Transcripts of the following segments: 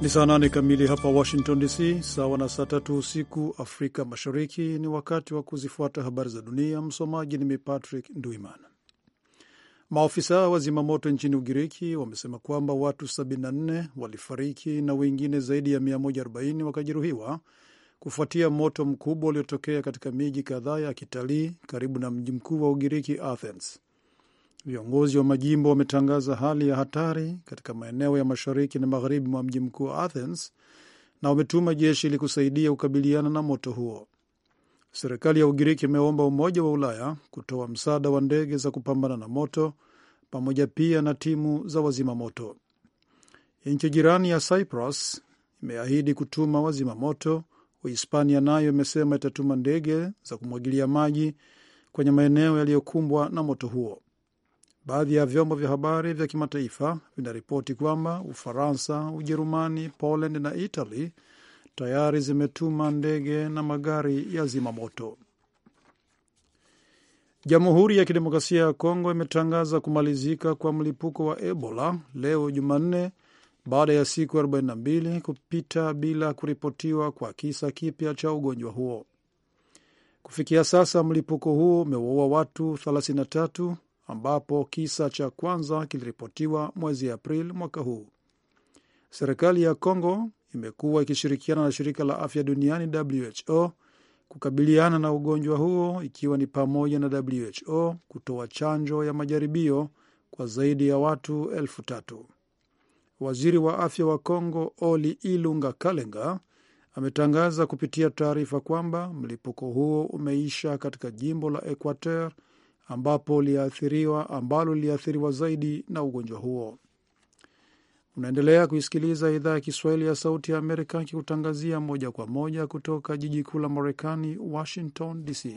Ni saa nane kamili hapa Washington DC, sawa na saa tatu usiku Afrika Mashariki. Ni wakati wa kuzifuata habari za dunia. Msomaji ni mi Patrick Maofisa wa zimamoto nchini Ugiriki wamesema kwamba watu 74 walifariki na wengine zaidi ya 140 wakajeruhiwa kufuatia moto mkubwa uliotokea katika miji kadhaa ya kitalii karibu na mji mkuu wa Ugiriki, Athens. Viongozi wa majimbo wametangaza hali ya hatari katika maeneo ya mashariki na magharibi mwa mji mkuu wa Athens na wametuma jeshi ili kusaidia kukabiliana na moto huo. Serikali ya Ugiriki imeomba Umoja wa Ulaya kutoa msaada wa ndege za kupambana na moto pamoja pia na timu za wazima moto. Nchi jirani ya Cyprus imeahidi kutuma wazima moto. Uhispania nayo imesema itatuma ndege za kumwagilia maji kwenye maeneo yaliyokumbwa na moto huo. Baadhi ya vyombo vya habari vya kimataifa vinaripoti kwamba Ufaransa, Ujerumani, Poland na Italy tayari zimetuma ndege na magari ya zimamoto. Jamhuri ya Kidemokrasia ya Kongo imetangaza kumalizika kwa mlipuko wa Ebola leo Jumanne baada ya siku 42 kupita bila kuripotiwa kwa kisa kipya cha ugonjwa huo. Kufikia sasa mlipuko huo umewaua watu 33 ambapo kisa cha kwanza kiliripotiwa mwezi april mwaka huu. Serikali ya congo imekuwa ikishirikiana na shirika la afya duniani WHO kukabiliana na ugonjwa huo, ikiwa ni pamoja na WHO kutoa chanjo ya majaribio kwa zaidi ya watu elfu tatu. Waziri wa afya wa congo Oli Ilunga Kalenga ametangaza kupitia taarifa kwamba mlipuko huo umeisha katika jimbo la Equateur ambapo liathiriwa ambalo liliathiriwa zaidi na ugonjwa huo. Unaendelea kuisikiliza idhaa ya Kiswahili ya Sauti ya Amerika kikutangazia moja kwa moja kutoka jiji kuu la Marekani, Washington DC.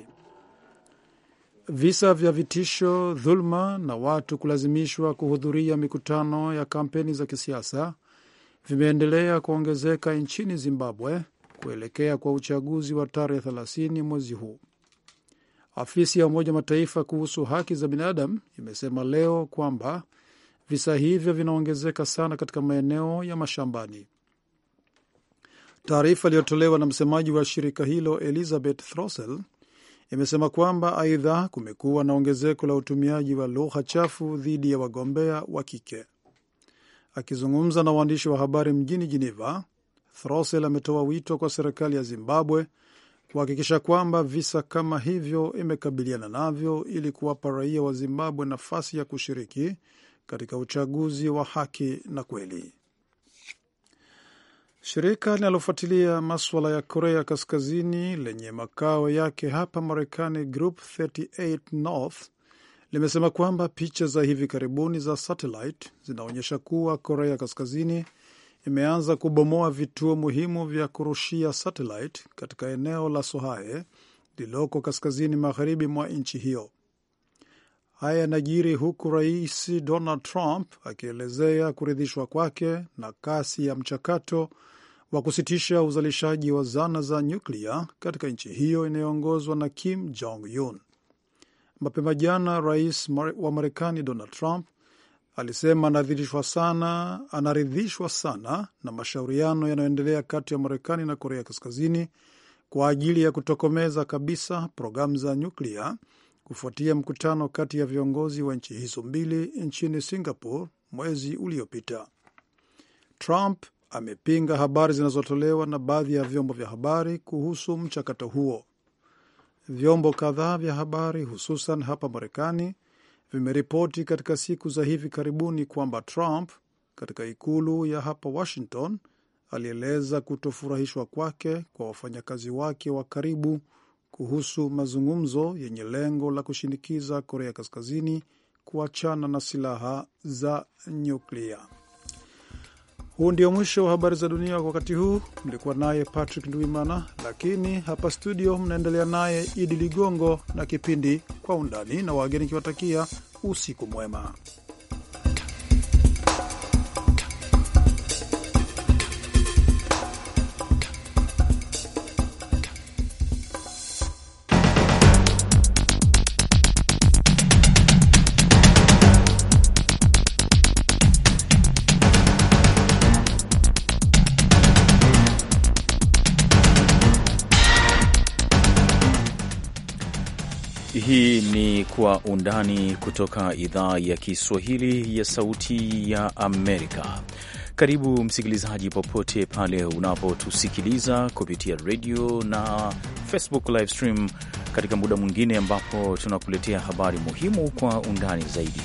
Visa vya vitisho, dhuluma na watu kulazimishwa kuhudhuria mikutano ya kampeni za kisiasa vimeendelea kuongezeka nchini Zimbabwe kuelekea kwa uchaguzi wa tarehe 30 mwezi huu. Afisi ya Umoja wa Mataifa kuhusu haki za binadamu imesema leo kwamba visa hivyo vinaongezeka sana katika maeneo ya mashambani. Taarifa iliyotolewa na msemaji wa shirika hilo Elizabeth Throssell imesema kwamba aidha, kumekuwa na ongezeko la utumiaji wa lugha chafu dhidi ya wagombea wa kike. Akizungumza na waandishi wa habari mjini Geneva, Throssell ametoa wito kwa serikali ya Zimbabwe kuhakikisha kwamba visa kama hivyo imekabiliana navyo ili kuwapa raia wa Zimbabwe nafasi ya kushiriki katika uchaguzi wa haki na kweli. Shirika linalofuatilia maswala ya Korea Kaskazini lenye makao yake hapa Marekani, Group 38 North limesema kwamba picha za hivi karibuni za satellite zinaonyesha kuwa Korea Kaskazini imeanza kubomoa vituo muhimu vya kurushia satellite katika eneo la Sohae lililoko kaskazini magharibi mwa nchi hiyo. Haya yanajiri huku Rais Donald Trump akielezea kuridhishwa kwake na kasi ya mchakato wa kusitisha uzalishaji wa zana za nyuklia katika nchi hiyo inayoongozwa na Kim Jong Un. Mapema jana, rais wa Marekani Donald Trump alisema anaridhishwa sana, anaridhishwa sana na mashauriano yanayoendelea kati ya Marekani na Korea Kaskazini kwa ajili ya kutokomeza kabisa programu za nyuklia kufuatia mkutano kati ya viongozi wa nchi hizo mbili nchini Singapore mwezi uliopita. Trump amepinga habari zinazotolewa na baadhi ya vyombo vya habari kuhusu mchakato huo. Vyombo kadhaa vya habari hususan hapa Marekani vimeripoti katika siku za hivi karibuni kwamba Trump katika ikulu ya hapa Washington alieleza kutofurahishwa kwake kwa wafanyakazi wake wa karibu kuhusu mazungumzo yenye lengo la kushinikiza Korea Kaskazini kuachana na silaha za nyuklia. Huu ndio mwisho wa habari za dunia kwa wakati huu. Mlikuwa naye Patrick Ndwimana, lakini hapa studio mnaendelea naye Idi Ligongo na kipindi kwa Undani na wageni kiwatakia usiku mwema. ni Kwa Undani kutoka idhaa ya Kiswahili ya Sauti ya Amerika. Karibu msikilizaji, popote pale unapotusikiliza kupitia redio na Facebook live stream, katika muda mwingine ambapo tunakuletea habari muhimu kwa undani zaidi.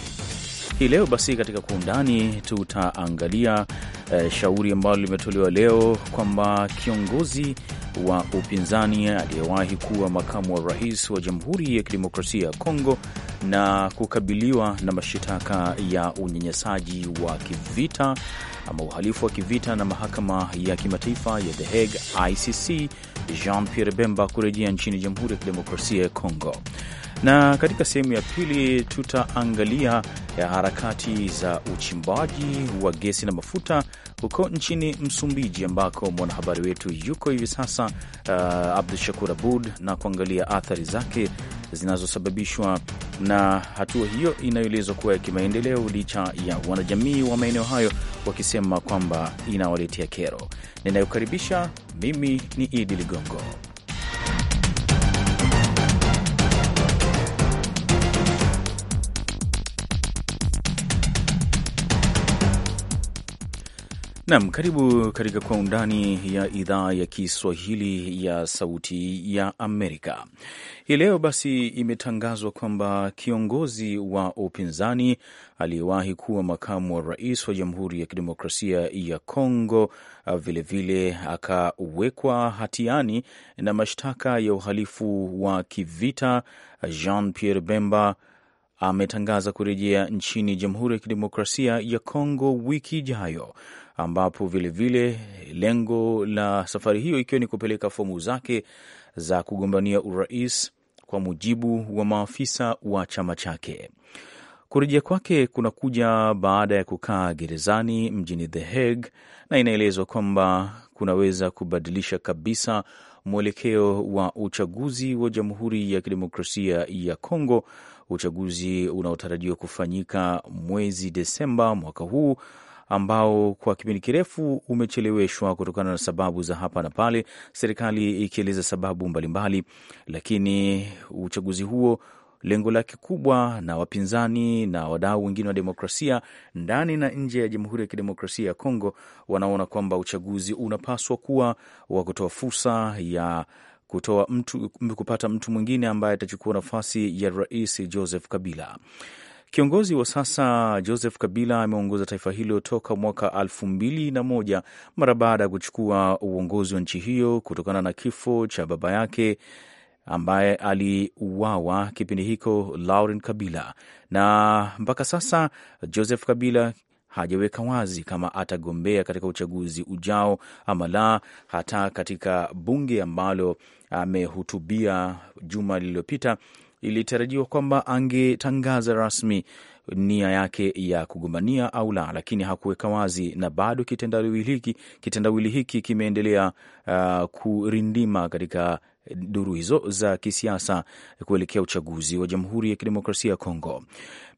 Hii leo basi katika kwa undani tutaangalia eh, shauri ambalo limetolewa leo kwamba kiongozi wa upinzani aliyewahi kuwa makamu wa rais wa Jamhuri ya Kidemokrasia ya Kongo na kukabiliwa na mashitaka ya unyanyasaji wa kivita ama uhalifu wa kivita na mahakama ya kimataifa ya The Hague ICC, Jean Pierre Bemba kurejea nchini Jamhuri ya Kidemokrasia ya Kongo na katika sehemu ya pili tutaangalia eh, harakati za uchimbaji wa gesi na mafuta huko nchini Msumbiji, ambako mwanahabari wetu yuko hivi sasa, uh, Abdu Shakur Abud, na kuangalia athari zake zinazosababishwa na hatua hiyo inayoelezwa kuwa ya kimaendeleo, licha ya wanajamii wa maeneo hayo wakisema kwamba inawaletea kero. Ninayokaribisha mimi ni Idi Ligongo. Nam, karibu katika Kwa Undani ya idhaa ya Kiswahili ya Sauti ya Amerika hii leo. Basi imetangazwa kwamba kiongozi wa upinzani aliyewahi kuwa makamu wa rais wa Jamhuri ya Kidemokrasia ya Kongo vilevile akawekwa hatiani na mashtaka ya uhalifu wa kivita, Jean Pierre Bemba ametangaza kurejea nchini Jamhuri ya Kidemokrasia ya Kongo wiki ijayo ambapo vilevile lengo la safari hiyo ikiwa ni kupeleka fomu zake za kugombania urais kwa mujibu wa maafisa wa chama chake. Kurejea kwake kunakuja baada ya kukaa gerezani mjini The Hague, na inaelezwa kwamba kunaweza kubadilisha kabisa mwelekeo wa uchaguzi wa Jamhuri ya Kidemokrasia ya Kongo, uchaguzi unaotarajiwa kufanyika mwezi Desemba mwaka huu ambao kwa kipindi kirefu umecheleweshwa kutokana na sababu za hapa na pale, serikali ikieleza sababu mbalimbali mbali, lakini uchaguzi huo lengo lake kubwa na wapinzani na wadau wengine wa demokrasia ndani na nje ya Jamhuri ya Kidemokrasia ya Kongo wanaona kwamba uchaguzi unapaswa kuwa wa kutoa fursa ya kutoa mtu, kupata mtu mwingine ambaye atachukua nafasi ya Rais Joseph Kabila. Kiongozi wa sasa Joseph Kabila ameongoza taifa hilo toka mwaka elfu mbili na moja mara baada ya kuchukua uongozi wa nchi hiyo kutokana na kifo cha baba yake ambaye aliuawa kipindi hicho, Laurent Kabila, na mpaka sasa Joseph Kabila hajaweka wazi kama atagombea katika uchaguzi ujao ama la. Hata katika bunge ambalo amehutubia juma lililopita ilitarajiwa kwamba angetangaza rasmi nia yake ya kugombania au la, lakini hakuweka wazi, na bado kitendawili hiki kitendawili hiki kimeendelea uh, kurindima katika duru hizo za kisiasa kuelekea uchaguzi wa Jamhuri ya Kidemokrasia ya Kongo.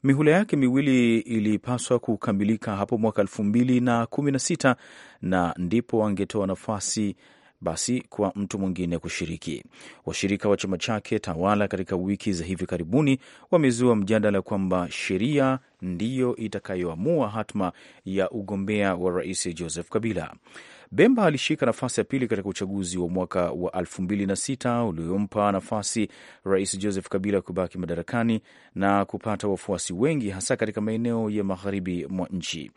Mihula yake miwili ilipaswa kukamilika hapo mwaka elfu mbili na kumi na sita na ndipo angetoa nafasi basi kwa mtu mwingine kushiriki. Washirika wa chama chake tawala katika wiki za hivi karibuni wamezua mjadala kwamba sheria ndiyo itakayoamua hatma ya ugombea wa rais Joseph Kabila. Bemba alishika nafasi ya pili katika uchaguzi wa mwaka wa 2006 uliompa nafasi Rais Joseph Kabila kubaki madarakani na kupata wafuasi wengi hasa katika maeneo ya magharibi mwa nchi.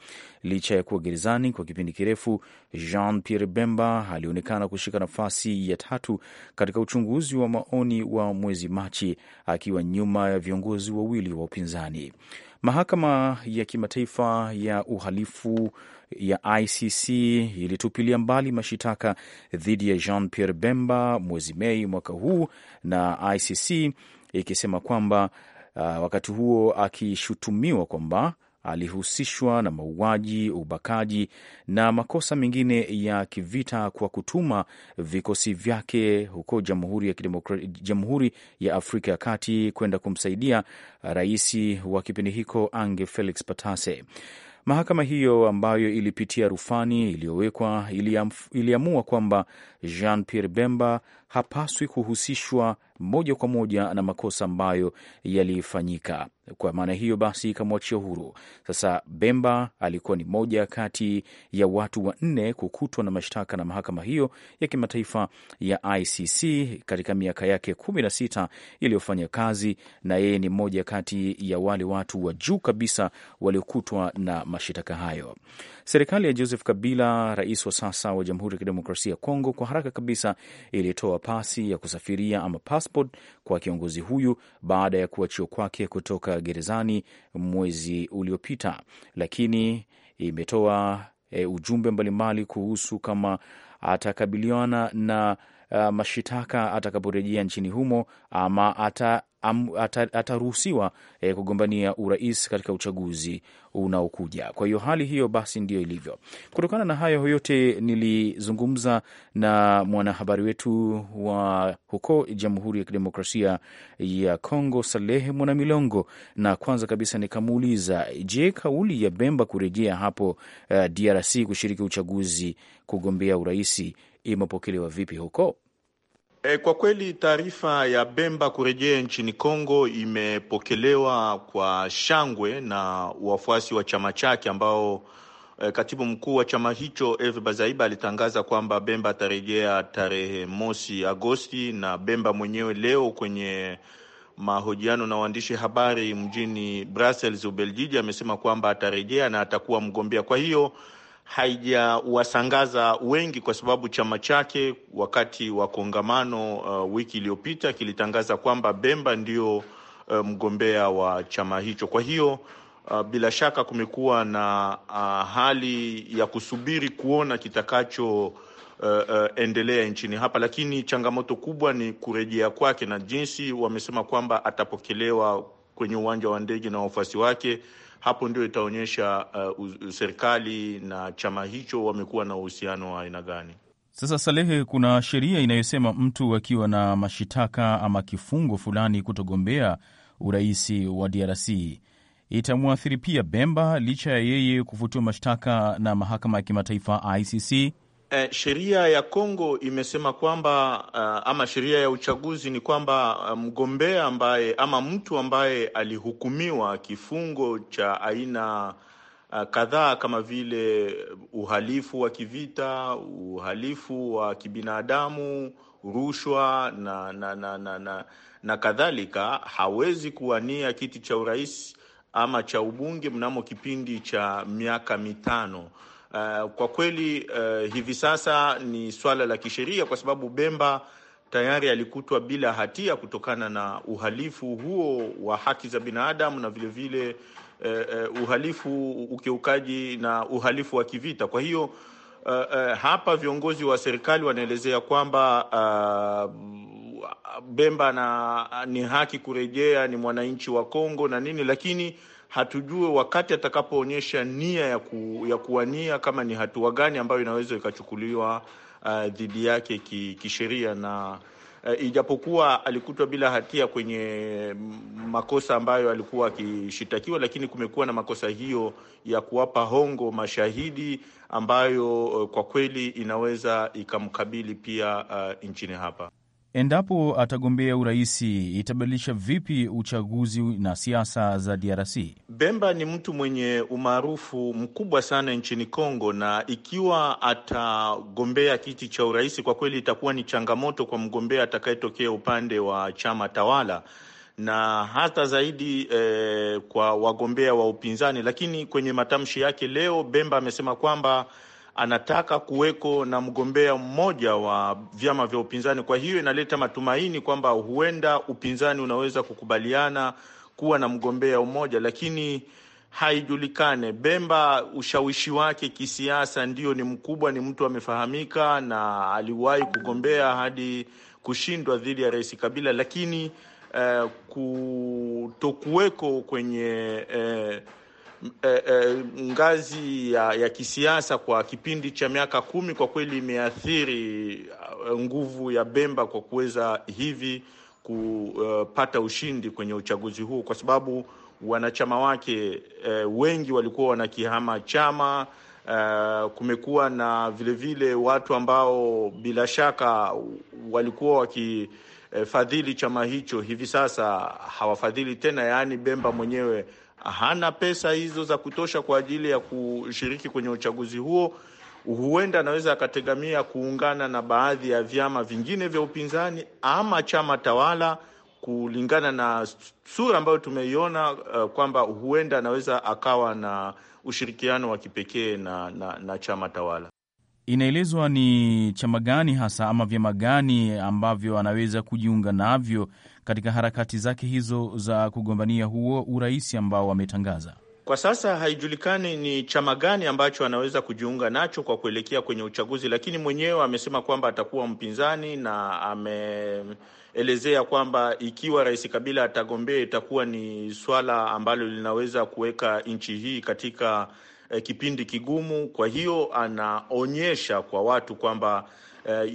Licha ya kuwa gerezani kwa kipindi kirefu, Jean Pierre Bemba alionekana kushika nafasi ya tatu katika uchunguzi wa maoni wa mwezi Machi, akiwa nyuma ya viongozi wawili wa upinzani. Mahakama ya Kimataifa ya Uhalifu ya ICC ilitupilia mbali mashitaka dhidi ya Jean Pierre Bemba mwezi Mei mwaka huu, na ICC ikisema kwamba uh, wakati huo akishutumiwa kwamba alihusishwa na mauaji, ubakaji na makosa mengine ya kivita kwa kutuma vikosi vyake huko Jamhuri ya Jamhuri ya Afrika ya Kati kwenda kumsaidia rais wa kipindi hicho Ange Felix patase Mahakama hiyo ambayo ilipitia rufani iliyowekwa iliamua kwamba Jean Pierre Bemba hapaswi kuhusishwa moja kwa moja na makosa ambayo yalifanyika. Kwa maana hiyo basi ikamwachia huru. Sasa Bemba alikuwa ni moja kati ya watu wanne kukutwa na mashtaka na mahakama hiyo ya kimataifa ya ICC katika miaka yake kumi na sita iliyofanya kazi, na yeye ni moja kati ya wale watu wa juu kabisa waliokutwa na mashitaka hayo. Serikali ya Joseph Kabila, rais wa sasa wa Jamhuri ya Kidemokrasia ya Kongo, kwa haraka kabisa ilitoa pasi ya kusafiria ama passport kwa kiongozi huyu baada ya kuachiwa kwake kutoka gerezani mwezi uliopita, lakini imetoa e, ujumbe mbalimbali kuhusu kama atakabiliana na uh, mashitaka atakaporejea nchini humo ama ata ataruhusiwa e, kugombania urais katika uchaguzi unaokuja. Kwa hiyo hali hiyo basi ndiyo ilivyo. Kutokana na hayo yote, nilizungumza na mwanahabari wetu wa huko Jamhuri ya Kidemokrasia ya Kongo, Salehe Mwanamilongo, na kwanza kabisa nikamuuliza, je, kauli ya Bemba kurejea hapo uh, eh, DRC kushiriki uchaguzi kugombea urahisi imepokelewa vipi huko? E, kwa kweli taarifa ya Bemba kurejea nchini Kongo imepokelewa kwa shangwe na wafuasi wa chama chake ambao e, katibu mkuu wa chama hicho Eve Bazaiba alitangaza kwamba Bemba atarejea tarehe mosi Agosti, na Bemba mwenyewe leo kwenye mahojiano na waandishi habari mjini Brussels, Ubelgiji, amesema kwamba atarejea na atakuwa mgombea. Kwa hiyo haijawasangaza wengi kwa sababu chama chake wakati wa kongamano uh, wiki iliyopita kilitangaza kwamba Bemba ndio uh, mgombea wa chama hicho. Kwa hiyo uh, bila shaka kumekuwa na uh, hali ya kusubiri kuona kitakacho Uh, uh, endelea nchini hapa, lakini changamoto kubwa ni kurejea kwake na jinsi wamesema kwamba atapokelewa kwenye uwanja wa ndege na wafuasi wake. Hapo ndio itaonyesha uh, serikali na chama hicho wamekuwa na uhusiano wa aina gani. Sasa Salehe, kuna sheria inayosema mtu akiwa na mashitaka ama kifungo fulani kutogombea urais wa DRC itamwathiri pia Bemba licha ya yeye kufutiwa mashtaka na mahakama ya kimataifa ICC eh, sheria ya Kongo imesema kwamba uh, ama sheria ya uchaguzi ni kwamba eh, mgombea ambaye ama mtu ambaye alihukumiwa kifungo cha aina uh, kadhaa kama vile uhalifu wa kivita, uhalifu wa kibinadamu, rushwa na, na, na, na, na, na kadhalika hawezi kuwania kiti cha urais ama cha ubunge mnamo kipindi cha miaka mitano. Uh, kwa kweli uh, hivi sasa ni swala la kisheria kwa sababu Bemba tayari alikutwa bila hatia kutokana na uhalifu huo wa haki za binadamu na vile vile uh, uh, uhalifu ukiukaji na uhalifu wa kivita. Kwa hiyo uh, uh, hapa viongozi wa serikali wanaelezea kwamba uh, Bemba na ni haki kurejea, ni mwananchi wa Kongo na nini, lakini hatujue wakati atakapoonyesha nia ya, ku, ya kuwania kama ni hatua gani ambayo inaweza ikachukuliwa uh, dhidi yake kisheria ki na uh, ijapokuwa alikutwa bila hatia kwenye makosa ambayo alikuwa akishitakiwa, lakini kumekuwa na makosa hiyo ya kuwapa hongo mashahidi ambayo uh, kwa kweli inaweza ikamkabili pia uh, nchini hapa endapo atagombea uraisi itabadilisha vipi uchaguzi na siasa za DRC? Bemba ni mtu mwenye umaarufu mkubwa sana nchini Kongo, na ikiwa atagombea kiti cha uraisi, kwa kweli itakuwa ni changamoto kwa mgombea atakayetokea upande wa chama tawala na hata zaidi eh, kwa wagombea wa upinzani. Lakini kwenye matamshi yake leo Bemba amesema kwamba anataka kuweko na mgombea mmoja wa vyama vya upinzani. Kwa hiyo inaleta matumaini kwamba huenda upinzani unaweza kukubaliana kuwa na mgombea mmoja, lakini haijulikane. Bemba ushawishi wake kisiasa ndio ni mkubwa, ni mtu amefahamika na aliwahi kugombea hadi kushindwa dhidi ya Rais Kabila, lakini eh, kutokuweko kwenye eh, eh, eh, ngazi ya, ya kisiasa kwa kipindi cha miaka kumi kwa kweli imeathiri eh, nguvu ya Bemba kwa kuweza hivi kupata eh, ushindi kwenye uchaguzi huu kwa sababu wanachama wake eh, wengi walikuwa wanakihama chama. Uh, kumekuwa na vilevile vile watu ambao bila shaka walikuwa wakifadhili chama hicho, hivi sasa hawafadhili tena, yaani Bemba mwenyewe hana pesa hizo za kutosha kwa ajili ya kushiriki kwenye uchaguzi huo, huenda anaweza akategemea kuungana na baadhi ya vyama vingine vya upinzani ama chama tawala, kulingana na sura ambayo tumeiona uh, kwamba huenda anaweza akawa na ushirikiano wa kipekee na, na, na chama tawala. Inaelezwa ni chama gani hasa ama vyama gani ambavyo anaweza kujiunga navyo katika harakati zake hizo za kugombania huo urais ambao wametangaza. Kwa sasa haijulikani ni chama gani ambacho anaweza kujiunga nacho kwa kuelekea kwenye uchaguzi, lakini mwenyewe amesema kwamba atakuwa mpinzani na ameelezea kwamba ikiwa Rais Kabila atagombea itakuwa ni swala ambalo linaweza kuweka nchi hii katika eh, kipindi kigumu. Kwa hiyo anaonyesha kwa watu kwamba uh,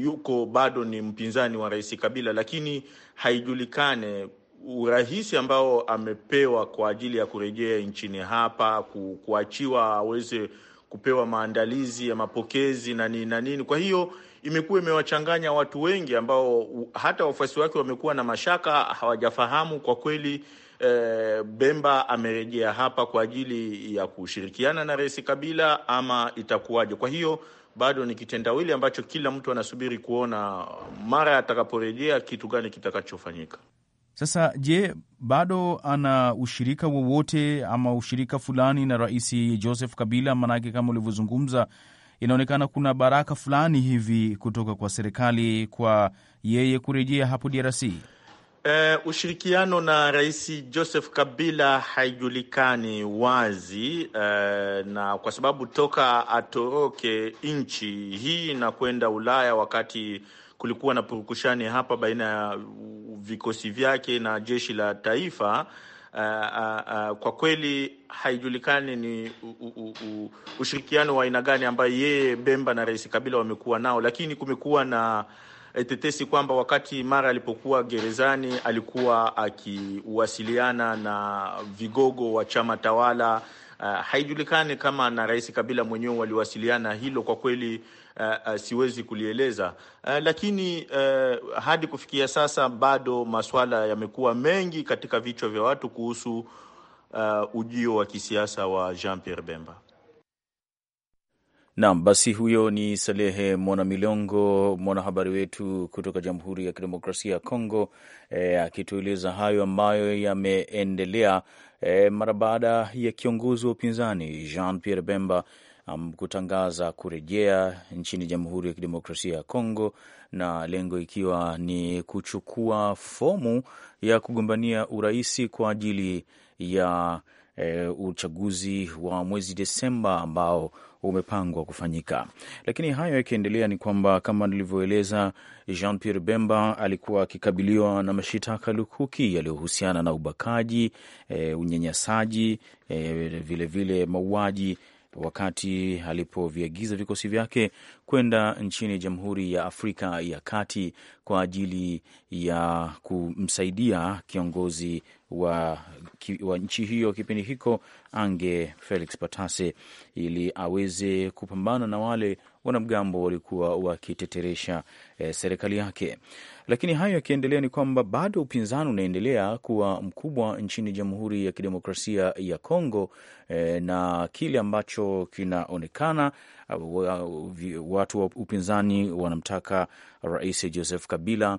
yuko bado ni mpinzani wa Rais Kabila, lakini haijulikane urahisi ambao amepewa kwa ajili ya kurejea nchini hapa, ku, kuachiwa aweze kupewa maandalizi ya mapokezi na nini na nini. Kwa hiyo imekuwa imewachanganya watu wengi ambao hata wafuasi wake wamekuwa na mashaka, hawajafahamu kwa kweli e, Bemba amerejea hapa kwa ajili ya kushirikiana na Rais Kabila ama itakuwaje. Kwa hiyo bado ni kitendawili ambacho kila mtu anasubiri kuona mara atakaporejea kitu gani kitakachofanyika. Sasa je, bado ana ushirika wowote ama ushirika fulani na Rais Joseph Kabila? Maanake kama ulivyozungumza, inaonekana kuna baraka fulani hivi kutoka kwa serikali kwa yeye kurejea hapo DRC. E, ushirikiano na Rais Joseph Kabila haijulikani wazi e, na kwa sababu toka atoroke nchi hii na kwenda Ulaya wakati kulikuwa na purukushani hapa baina ya vikosi vyake na jeshi la taifa. Uh, uh, uh, kwa kweli haijulikani ni u, u, u, ushirikiano wa aina gani ambayo yeye Bemba na Rais Kabila wamekuwa nao, lakini kumekuwa na tetesi kwamba wakati mara alipokuwa gerezani alikuwa akiwasiliana na vigogo wa chama tawala. Uh, haijulikani kama na Rais Kabila mwenyewe waliwasiliana. Hilo kwa kweli uh, uh, siwezi kulieleza uh, lakini uh, hadi kufikia sasa bado masuala yamekuwa mengi katika vichwa vya watu kuhusu uh, ujio wa kisiasa wa Jean Pierre Bemba. Naam, basi huyo ni Salehe Mwanamilongo, mwanahabari wetu kutoka Jamhuri ya Kidemokrasia ya Kongo e, akitueleza e, hayo ambayo yameendelea e, mara baada ya kiongozi wa upinzani Jean Pierre Bemba um, kutangaza kurejea nchini Jamhuri ya Kidemokrasia ya Kongo na lengo ikiwa ni kuchukua fomu ya kugombania uraisi kwa ajili ya e, uchaguzi wa mwezi Desemba ambao umepangwa kufanyika. Lakini hayo yakiendelea, ni kwamba kama nilivyoeleza, Jean Pierre Bemba alikuwa akikabiliwa na mashitaka lukuki yaliyohusiana na ubakaji, e, unyanyasaji, eh, e, vilevile mauaji wakati alipoviagiza vikosi vyake kwenda nchini Jamhuri ya Afrika ya Kati kwa ajili ya kumsaidia kiongozi wa ki, wa nchi hiyo kipindi hiko ange Felix Patase, ili aweze kupambana na wale wanamgambo walikuwa wakiteteresha eh, serikali yake. Lakini hayo yakiendelea, ni kwamba bado upinzani unaendelea kuwa mkubwa nchini Jamhuri ya Kidemokrasia ya Kongo eh, na kile ambacho kinaonekana uh, watu wa upinzani wanamtaka Rais Joseph Kabila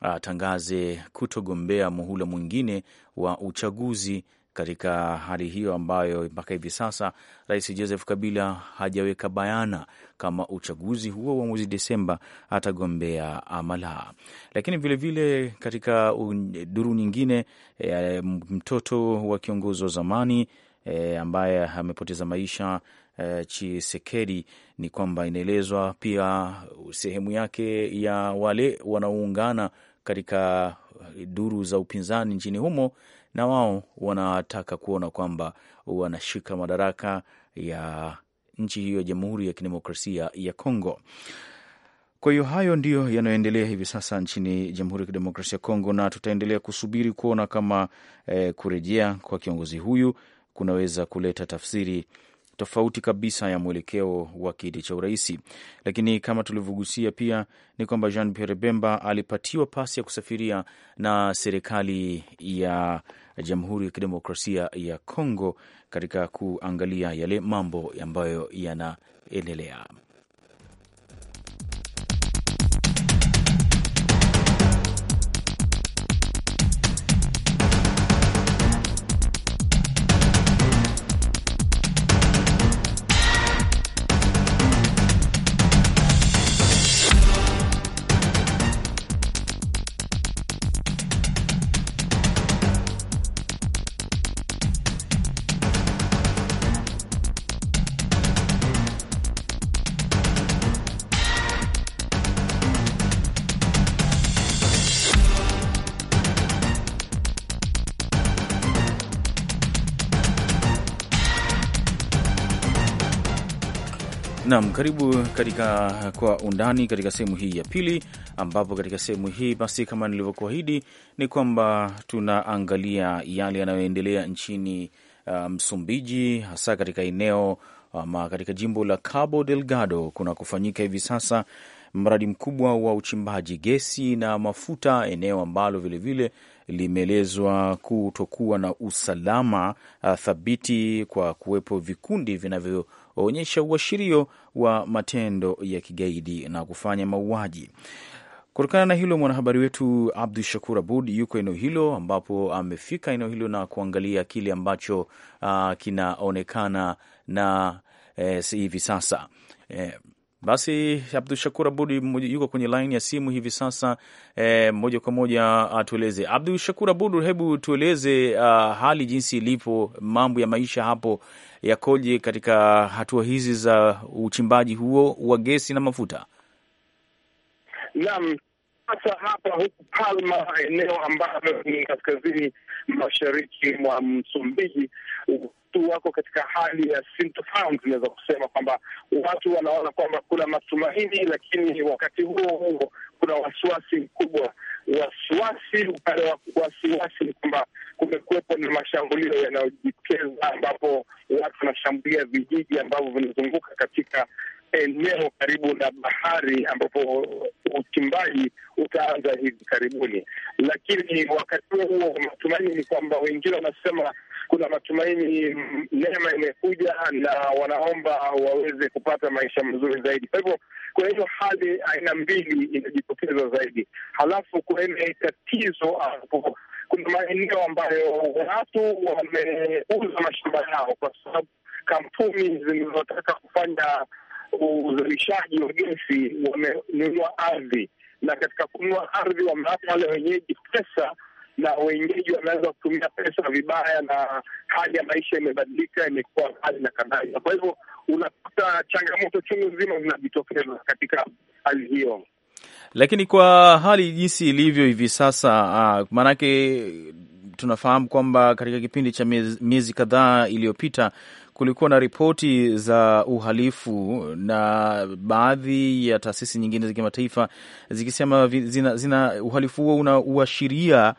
atangaze kutogombea muhula mwingine wa uchaguzi katika hali hiyo ambayo mpaka hivi sasa Rais Joseph Kabila hajaweka bayana kama uchaguzi huo wa mwezi Desemba atagombea ama la. Lakini vilevile vile katika duru nyingine e, mtoto wa kiongozi wa zamani e, ambaye amepoteza maisha e, Chisekedi, ni kwamba inaelezwa pia sehemu yake ya wale wanaoungana katika eh, duru za upinzani nchini humo, na wao wanataka kuona kwamba wanashika madaraka ya nchi hiyo ya Jamhuri ya Kidemokrasia ya Kongo. Kwa hiyo hayo ndiyo yanayoendelea hivi sasa nchini Jamhuri ya Kidemokrasia ya Kongo, na tutaendelea kusubiri kuona kama eh, kurejea kwa kiongozi huyu kunaweza kuleta tafsiri tofauti kabisa ya mwelekeo wa kiti cha uraisi. Lakini kama tulivyogusia pia ni kwamba Jean Pierre Bemba alipatiwa pasi ya kusafiria na serikali ya Jamhuri ya Kidemokrasia ya Kongo katika kuangalia yale mambo ambayo yanaendelea. Naam, karibu katika kwa undani katika sehemu hii ya pili, ambapo katika sehemu hii basi, kama nilivyokuahidi, ni kwamba tunaangalia yale yanayoendelea nchini uh, Msumbiji, um, hasa katika eneo ama um, katika jimbo la Cabo Delgado kuna kufanyika hivi sasa mradi mkubwa wa uchimbaji gesi na mafuta, eneo ambalo vilevile limeelezwa kutokuwa na usalama uh, thabiti kwa kuwepo vikundi vinavyo waonyesha uashirio wa matendo ya kigaidi na kufanya mauaji. Kutokana na hilo, mwanahabari wetu Abdu Shakur Abud yuko eneo hilo, ambapo amefika eneo hilo na kuangalia kile ambacho uh, kinaonekana na eh, hivi sasa eh, basi Abdu Shakur Abud yuko kwenye laini ya simu hivi sasa eh, moja kwa moja atueleze. Uh, Abdu Shakur Abud, hebu tueleze uh, hali jinsi ilipo mambo ya maisha hapo yakoje katika hatua hizi za uchimbaji huo wa gesi na mafuta? Naam, sasa hapa huku Palma, eneo ambalo ni kaskazini mashariki mwa Msumbiji, watu wako katika hali ya sintofahamu. Tunaweza kusema kwamba watu wanaona kwamba kuna matumaini, lakini wakati huo huo kuna wasiwasi mkubwa wasiwasi upande wa wasiwasi ni kwamba kumekuwepo na mashambulio yanayojitokeza ambapo watu wanashambulia vijiji ambavyo vinazunguka katika eneo karibu na bahari ambapo uchimbaji utaanza hivi karibuni. Lakini wakati huo huo, matumaini ni kwamba wengine wanasema kuna matumaini, neema imekuja na wanaomba waweze kupata maisha mazuri zaidi. Kwa hivyo kuna hiyo hali aina mbili inajitokeza zaidi, halafu kuna tatizo ambapo kuna maeneo ambayo watu wameuza mashamba yao kwa sababu kampuni zinazotaka kufanya uzalishaji wa gesi wamenunua ardhi, na katika kununua ardhi wamewapa wale wenyeji pesa na wenyeji wameanza kutumia pesa vibaya, na hali ya maisha imebadilika, imekuwa hali na kadhalika. Kwa hivyo unakuta changamoto chungu nzima zinajitokeza katika hali hiyo lakini kwa hali jinsi ilivyo hivi sasa uh, maanake tunafahamu kwamba katika kipindi cha miezi kadhaa iliyopita kulikuwa na ripoti za uhalifu na baadhi ya taasisi nyingine za kimataifa zikisema zina, zina uhalifu huo unauashiria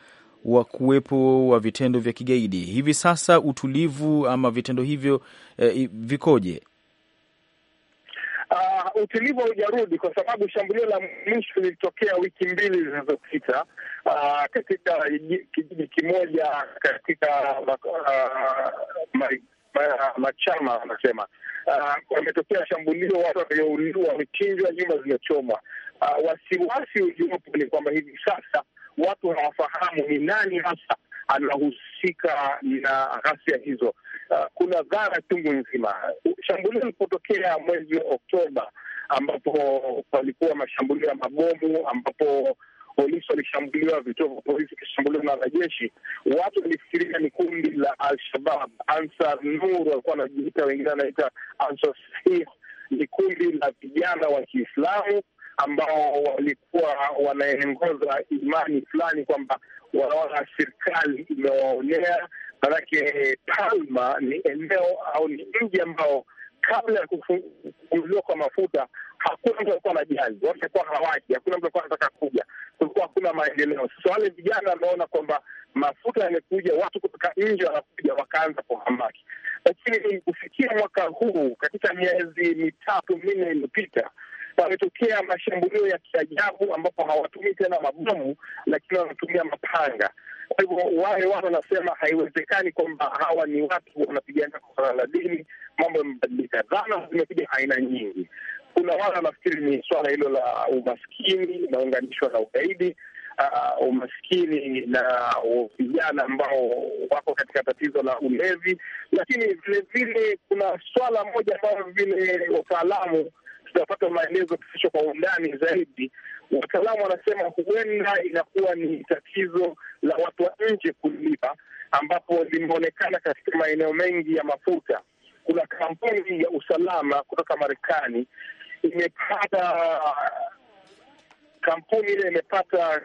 wa kuwepo wa vitendo vya kigaidi. Hivi sasa utulivu ama vitendo hivyo eh, vikoje? Uh, utulivu haujarudi kwa sababu shambulio la mwisho lilitokea wiki mbili zilizopita uh, katika kijiji kimoja katika uh, machama wanasema wametokea uh, shambulio, watu waliouliwa, wamechinjwa, nyumba zimechomwa. Uh, wasiwasi uliopo ni kwamba hivi sasa watu hawafahamu ni nani hasa anahusika na ghasia hizo. Uh, kuna dhara chungu nzima. Shambulio lilipotokea mwezi wa Oktoba, ambapo palikuwa mashambulio ya mabomu, ambapo polisi walishambuliwa, vituo vya polisi vikishambuliwa na wanajeshi. Watu walifikiria ni kundi la Al-Shabab. Ansar Nur walikuwa wanajiita, wengine wanaita Ansar Sahih, ni kundi la vijana wa Kiislamu ambao walikuwa wanaongoza imani fulani kwamba wanaona serikali imewaonea. manake Palma ni eneo au ni mji ambao kabla ya kufunguliwa kwa mafuta hakuna mtu alikuwa anajali, wote kuwa hawaji, hakuna mtu alikuwa anataka kuja, kulikuwa hakuna maendeleo. Sasa wale vijana wameona kwamba mafuta yamekuja, watu kutoka nje wanakuja, wakaanza kuhamaki. Lakini kufikia mwaka huu, katika miezi mitatu minne iliyopita pametokea mashambulio ya kiajabu ambapo hawatumii tena mabomu, lakini wanatumia mapanga. Kwa hivyo wale watu wanasema haiwezekani kwamba hawa ni watu wanapigania kwa swala la dini. Mambo yamebadilika, dhana zimekuja aina nyingi. Kuna wale wanafikiri ni swala hilo la umaskini unaunganishwa na ugaidi Uh, umaskini na vijana ambao wako katika tatizo la ulevi, lakini vilevile kuna swala moja ambalo vile wataalamu tutapata maelezo kufikishwa kwa undani zaidi. Wataalamu wanasema huenda inakuwa ni tatizo la watu wa nje kulipa, ambapo limeonekana katika maeneo mengi ya mafuta. Kuna kampuni ya usalama kutoka Marekani imepata kampuni ile imepata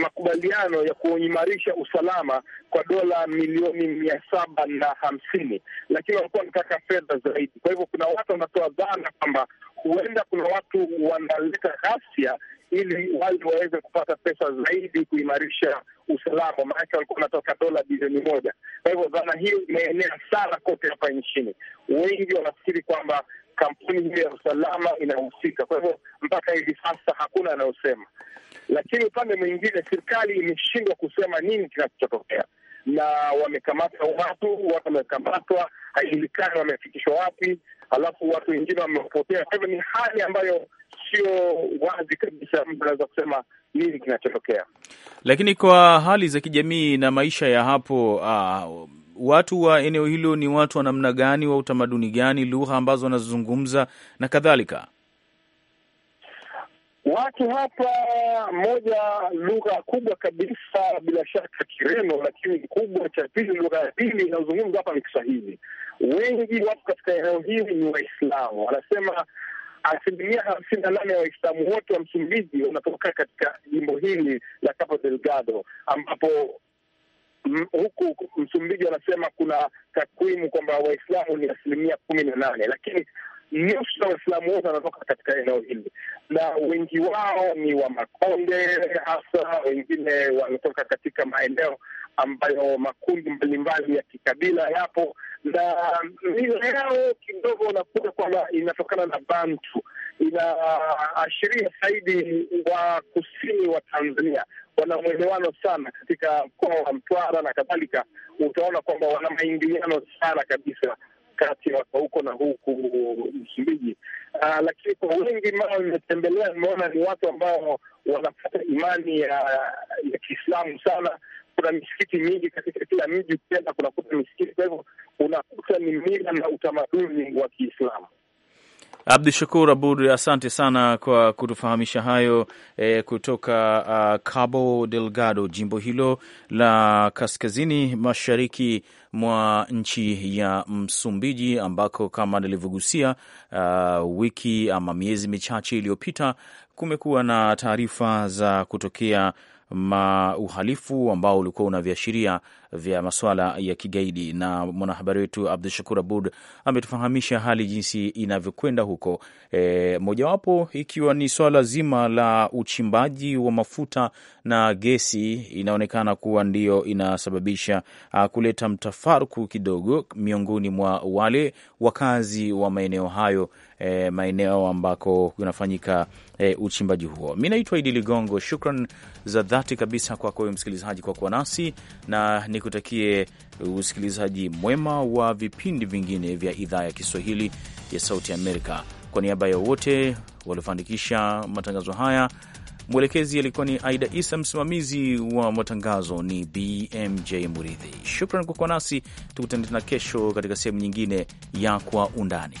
makubaliano ya kuimarisha usalama kwa dola milioni mia saba na hamsini, lakini walikuwa wanataka fedha zaidi. Kwa hivyo kuna watu wanatoa dhana kwamba huenda kuna watu wanaleta ghasia ili wale waweze kupata pesa zaidi kuimarisha usalama, maanake walikuwa wanatoka dola bilioni moja. Kwa hivyo dhana hiyo imeenea sana kote hapa nchini, wengi wanafikiri kwamba kampuni hiyo ya usalama inahusika. Kwa hivyo mpaka hivi sasa hakuna anayosema, lakini upande mwingine, serikali imeshindwa kusema nini kinachotokea, na wamekamata watu, watu wamekamatwa, haijulikani wamefikishwa wapi, alafu watu wengine wamepotea. Kwa hivyo ni hali ambayo sio wazi kabisa, mtu anaweza kusema nini kinachotokea. Lakini kwa hali za kijamii na maisha ya hapo uh, watu wa eneo hilo ni watu wa namna gani, wa utamaduni gani, lugha ambazo wanazungumza na kadhalika? Watu hapa, moja lugha kubwa kabisa bila shaka Kireno, lakini kubwa cha pili, lugha ya pili inayozungumzwa hapa ni Kiswahili. Wengi watu katika eneo hili ni Waislamu, wanasema asilimia hamsini na nane ya Waislamu wote wa Msumbiji wanatoka katika jimbo hili la Cabo Delgado, ambapo huku Msumbiji wanasema kuna takwimu kwamba Waislamu ni asilimia kumi na nane, lakini nusu ya Waislamu wote wanatoka katika eneo hili, na wengi wao ni wa Makonde hasa, wengine wanatoka katika maeneo ambayo makundi mbalimbali ya kikabila yapo, na mila yao kidogo unakuta kwamba inatokana na Bantu, inaashiria zaidi wa kusini wa Tanzania wana mwelewano sana katika mkoa wa Mtwara na kadhalika. Utaona kwamba wana maingiliano sana kabisa kati ya wako huko na huku Msumbiji. Uh, lakini kwa wengi mao imetembelea nimeona ni watu ambao wanapata imani ya, ya Kiislamu sana. Kuna misikiti mingi katika kila mji, ukienda kunakuta misikiti. Kwa hivyo unakuta ni mila na utamaduni wa Kiislamu. Abdu Shakur Abud, asante sana kwa kutufahamisha hayo e, kutoka uh, Cabo Delgado, jimbo hilo la kaskazini mashariki mwa nchi ya Msumbiji ambako kama nilivyogusia uh, wiki ama miezi michache iliyopita kumekuwa na taarifa za kutokea ma uhalifu ambao ulikuwa unaviashiria vya masuala ya kigaidi, na mwanahabari wetu Abdu Shakur Abud ametufahamisha hali jinsi inavyokwenda huko, e, mojawapo ikiwa ni swala zima la uchimbaji wa mafuta na gesi, inaonekana kuwa ndio inasababisha a, kuleta mtafaruku kidogo miongoni mwa wale wakazi wa maeneo hayo. E, maeneo ambako kunafanyika e, uchimbaji huo. Mi naitwa Idi Ligongo, shukran za dhati kabisa kwako msikilizaji kwa kuwa nasi na ni nikutakie usikilizaji mwema wa vipindi vingine vya idhaa ya Kiswahili ya Sauti Amerika. Kwa niaba ya wote waliofanikisha matangazo haya, mwelekezi alikuwa ni Aida Isa, msimamizi wa matangazo ni BMJ Muridhi. Shukran kwa kuwa nasi, tukutane tena kesho katika sehemu nyingine ya Kwa Undani.